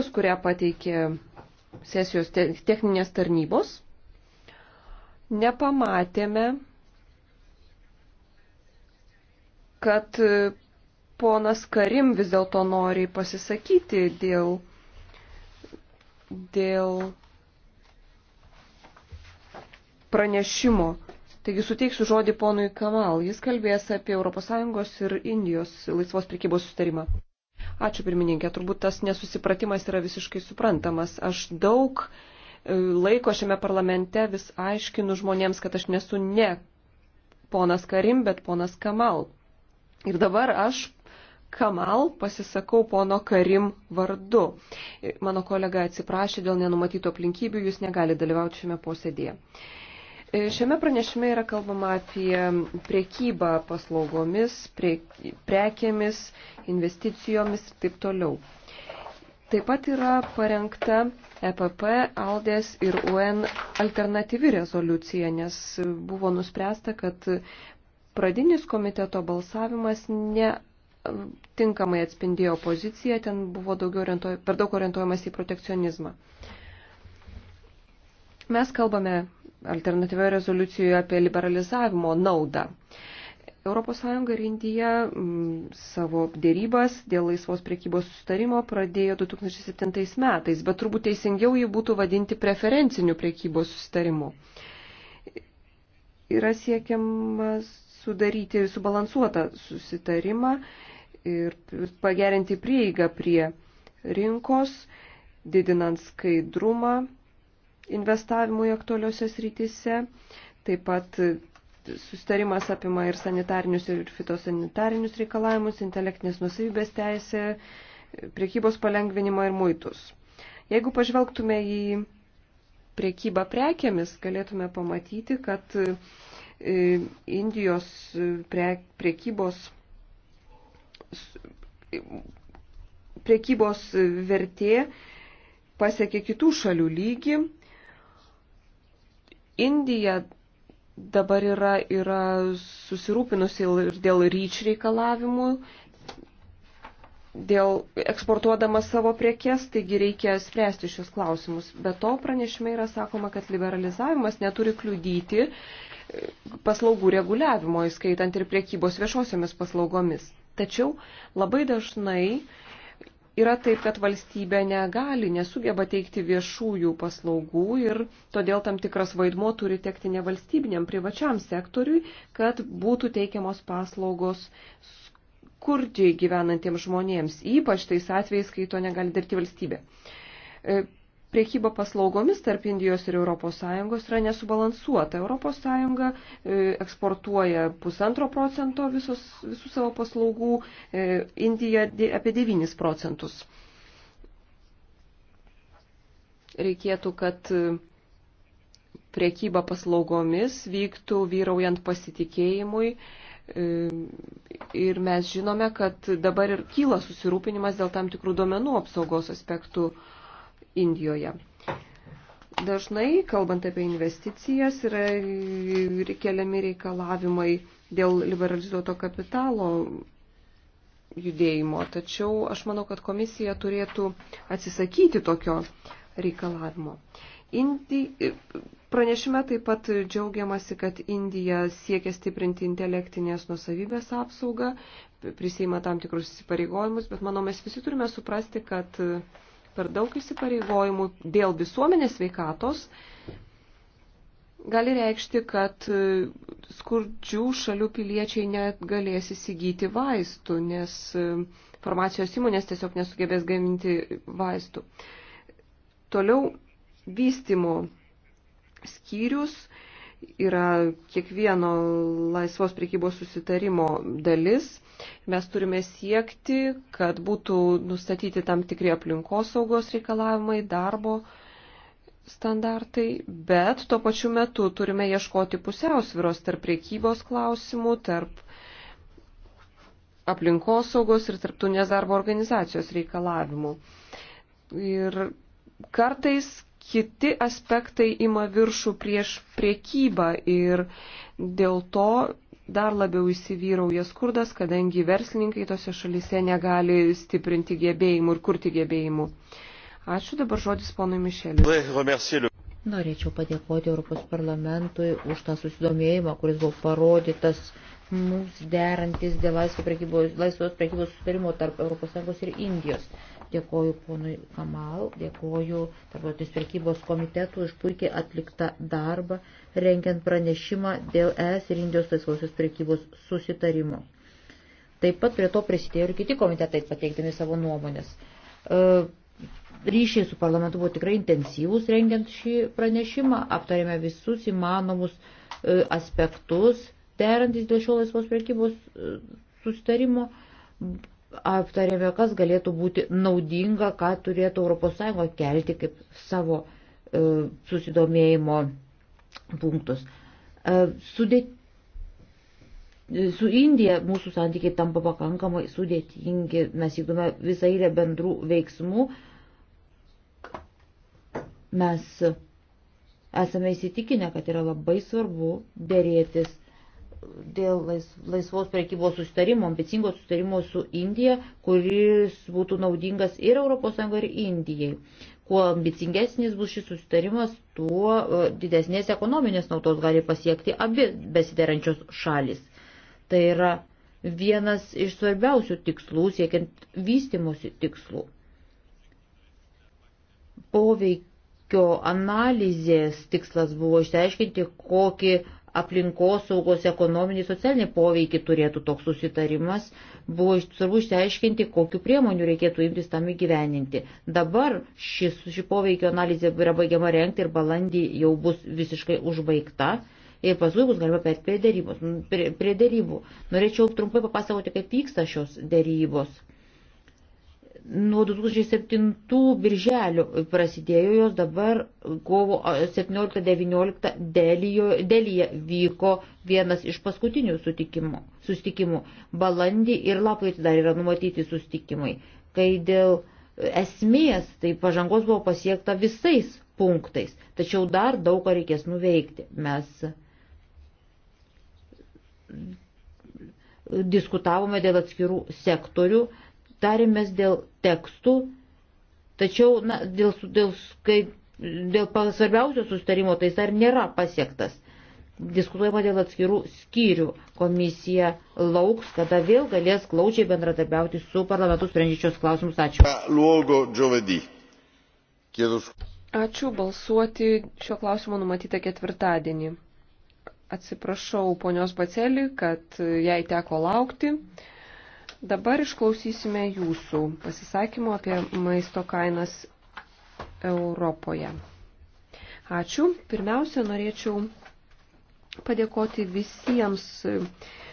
informacijos, kurią pateikė sesijos techninės tarnybos, nepamatėme, kad ponas Karim vis dėlto nori pasisakyti dėl, dėl pranešimo. Taigi suteiksiu žodį ponui Kamal. Jis kalbės apie ES ir Indijos laisvos prekybos sustarimą. Ačiū pirmininkė, turbūt tas nesusipratimas yra visiškai suprantamas. Aš daug e, laiko šiame parlamente vis aiškinu žmonėms, kad aš nesu ne ponas Karim, bet ponas Kamal. Ir dabar aš Kamal pasisakau pono Karim vardu. E, mano kolega atsiprašė dėl nenumatytų aplinkybių, jūs negali dalyvauti šiame posėdėje. E, šiame pranešime yra kalbama apie priekybą paslaugomis, prie, prekėmis, investicijomis ir taip toliau. Taip pat yra parengta EPP, Aldės ir UN alternatyvi rezoliucija, nes buvo nuspręsta, kad pradinis komiteto balsavimas ne tinkamai atspindėjo poziciją, ten buvo orientuoj, per daug orientuojamas į protekcionizmą. Mes kalbame alternatyvioje rezoliucijoje apie liberalizavimo naudą. ES ir Indija savo dėrybas dėl laisvos priekybos sustarimo pradėjo 2007 metais, bet turbūt teisingiau jį būtų vadinti preferenciniu priekybos sustarimu. Yra siekiamas sudaryti subalansuotą susitarimą ir pagerinti prieigą prie rinkos, didinant skaidrumą investavimui aktualiuose srityse. Taip pat sustarimas apima ir sanitarinius ir fitosanitarinius reikalavimus, intelektinės nusavybės teisę, priekybos palengvinimą ir muitus. Jeigu pažvelgtume į priekybą prekiamis, galėtume pamatyti, kad e, Indijos e, prie, priekybos, priekybos e, vertė pasiekė kitų šalių lygį Indija dabar yra, yra susirūpinusi ir dėl ryč reikalavimų, dėl eksportuodama savo priekes, taigi reikia spręsti šios klausimus. Be to pranešime yra sakoma, kad liberalizavimas neturi kliudyti e, paslaugų reguliavimo, įskaitant ir priekybos viešosiomis paslaugomis. Tačiau labai dažnai Yra taip, kad valstybė negali, nesugeba teikti viešųjų paslaugų ir todėl tam tikras vaidmo turi tekti nevalstybiniam privačiam sektoriui, kad būtų teikiamos paslaugos skurdžiai gyvenantiems žmonėms, ypač tais atvejais, kai to negali dirbti valstybė. E, priekyba paslaugomis tarp Indijos ir ES yra nesubalansuota. ES e, eksportuoja pusantro procento visus, visų savo paslaugų, e, Indija apie 9 procentus. Reikėtų, kad e, priekyba paslaugomis vyktų vyraujant pasitikėjimui. Ir mes žinome, kad dabar ir kyla susirūpinimas dėl tam tikrų duomenų apsaugos aspektų Indijoje. Dažnai, kalbant apie investicijas, yra keliami reikalavimai dėl liberalizuoto kapitalo judėjimo, tačiau aš manau, kad komisija turėtų atsisakyti tokio reikalavimo. Indi... Pranešime taip pat džiaugiamasi, kad Indija siekia stiprinti intelektinės nusavybės apsaugą, prisima tam tikrus įsipareigojimus, bet manau, mes visi turime suprasti, kad per daug įsipareigojimų dėl visuomenės veikatos gali reikšti, kad e, skurdžių šalių piliečiai net galės įsigyti vaistų, nes e, farmacijos įmonės tiesiog nesugebės gaminti vaistų. Toliau vystimo skyrius yra kiekvieno laisvos priekybos susitarimo dalis. Mes turime siekti, kad būtų nustatyti tam tikri aplinkosaugos reikalavimai, darbo standartai, bet tuo pačiu metu turime ieškoti pusiausviros tarp priekybos klausimų, tarp aplinkosaugos ir tarptautinės darbo organizacijos reikalavimų. Ir kartais kiti aspektai ima viršų prieš priekybą ir dėl to dar labiau įsivyrauja skurdas, kadangi verslininkai tose šalise negali stiprinti gebėjimų ir kurti gebėjimų. Ačiū dabar žodis ponui Mišeliui. Norėčiau padėkoti Europos parlamentui už tą susidomėjimą, kuris buvo parodytas mums derantis dėl laisvos prekybos, laisvos prekybos sustarimo tarp ES ir Indijos. Dėkoju ponui Kamal, dėkoju Tarptautinės prekybos komitetų už puikiai atliktą darbą, renkiant pranešimą dėl ES ir Indijos laisvosios prekybos susitarimo. Taip pat prie to prisidėjo ir kiti komitetai pateikdami savo nuomonės. E, ryšiai su parlamentu buvo tikrai intensyvūs rengiant šį pranešimą, aptarėme visus įmanomus e, aspektus, derantis dėl šio laisvos prekybos e, susitarimo aptarėme, kas galėtų būti naudinga, ką turėtų ES kelti kaip savo e, susidomėjimo punktus. E, sudė... E, su Indija mūsų santykiai tampa pakankamai sudėtingi, mes įgome visą eilę bendrų veiksmų. Mes esame įsitikinę, kad yra labai svarbu dėrėtis dėl laisvos prekybos sustarimo, ambicingo sustarimo su Indija, kuris būtų naudingas ir ES, ir Indijai. Kuo ambicingesnis bus šis sustarimas, tuo e, didesnės ekonominės naudos gali pasiekti abi besiderančios šalis. Tai yra vienas iš svarbiausių tikslų, siekiant vystimosi tikslų. Poveikio analizės tikslas buvo išsiaiškinti, kokį aplinkosaugos, ekonominį, socialinį poveikį turėtų toks susitarimas, buvo svarbu išsiaiškinti, kokiu priemonių reikėtų imtis tam įgyveninti. Dabar šis, ši poveikio analizė yra baigiama renkti ir balandį jau bus visiškai užbaigta. Ir paskui bus galima perėti prie, dėrybos, prie, prie dėrybų. Norėčiau trumpai papasakoti, kaip vyksta šios dėrybos. Nuo 2007 birželio prasidėjo jos, dabar kovo 17-19 dėlyje vyko vienas iš paskutinių sustikimų. Balandį ir lapkritį dar yra numatyti sustikimai, kai dėl esmės tai pažangos buvo pasiekta visais punktais, tačiau dar daug ką reikės nuveikti. Mes diskutavome dėl atskirų sektorių, tarėmės dėl tekstų, tačiau na, dėl, dėl, kai, dėl svarbiausio sustarimo tai dar nėra pasiektas. Diskutuojama dėl atskirų skyrių. Komisija lauks, kada vėl galės glaučiai bendradarbiauti su parlamentu sprendžiančios klausimus. Ačiū. Ačiū balsuoti šio klausimo numatyta ketvirtadienį. Atsiprašau ponios Bacelį, kad jai teko laukti. Dabar išklausysime jūsų pasisakymų apie maisto kainas Europoje. Ačiū. Pirmiausia, norėčiau padėkoti visiems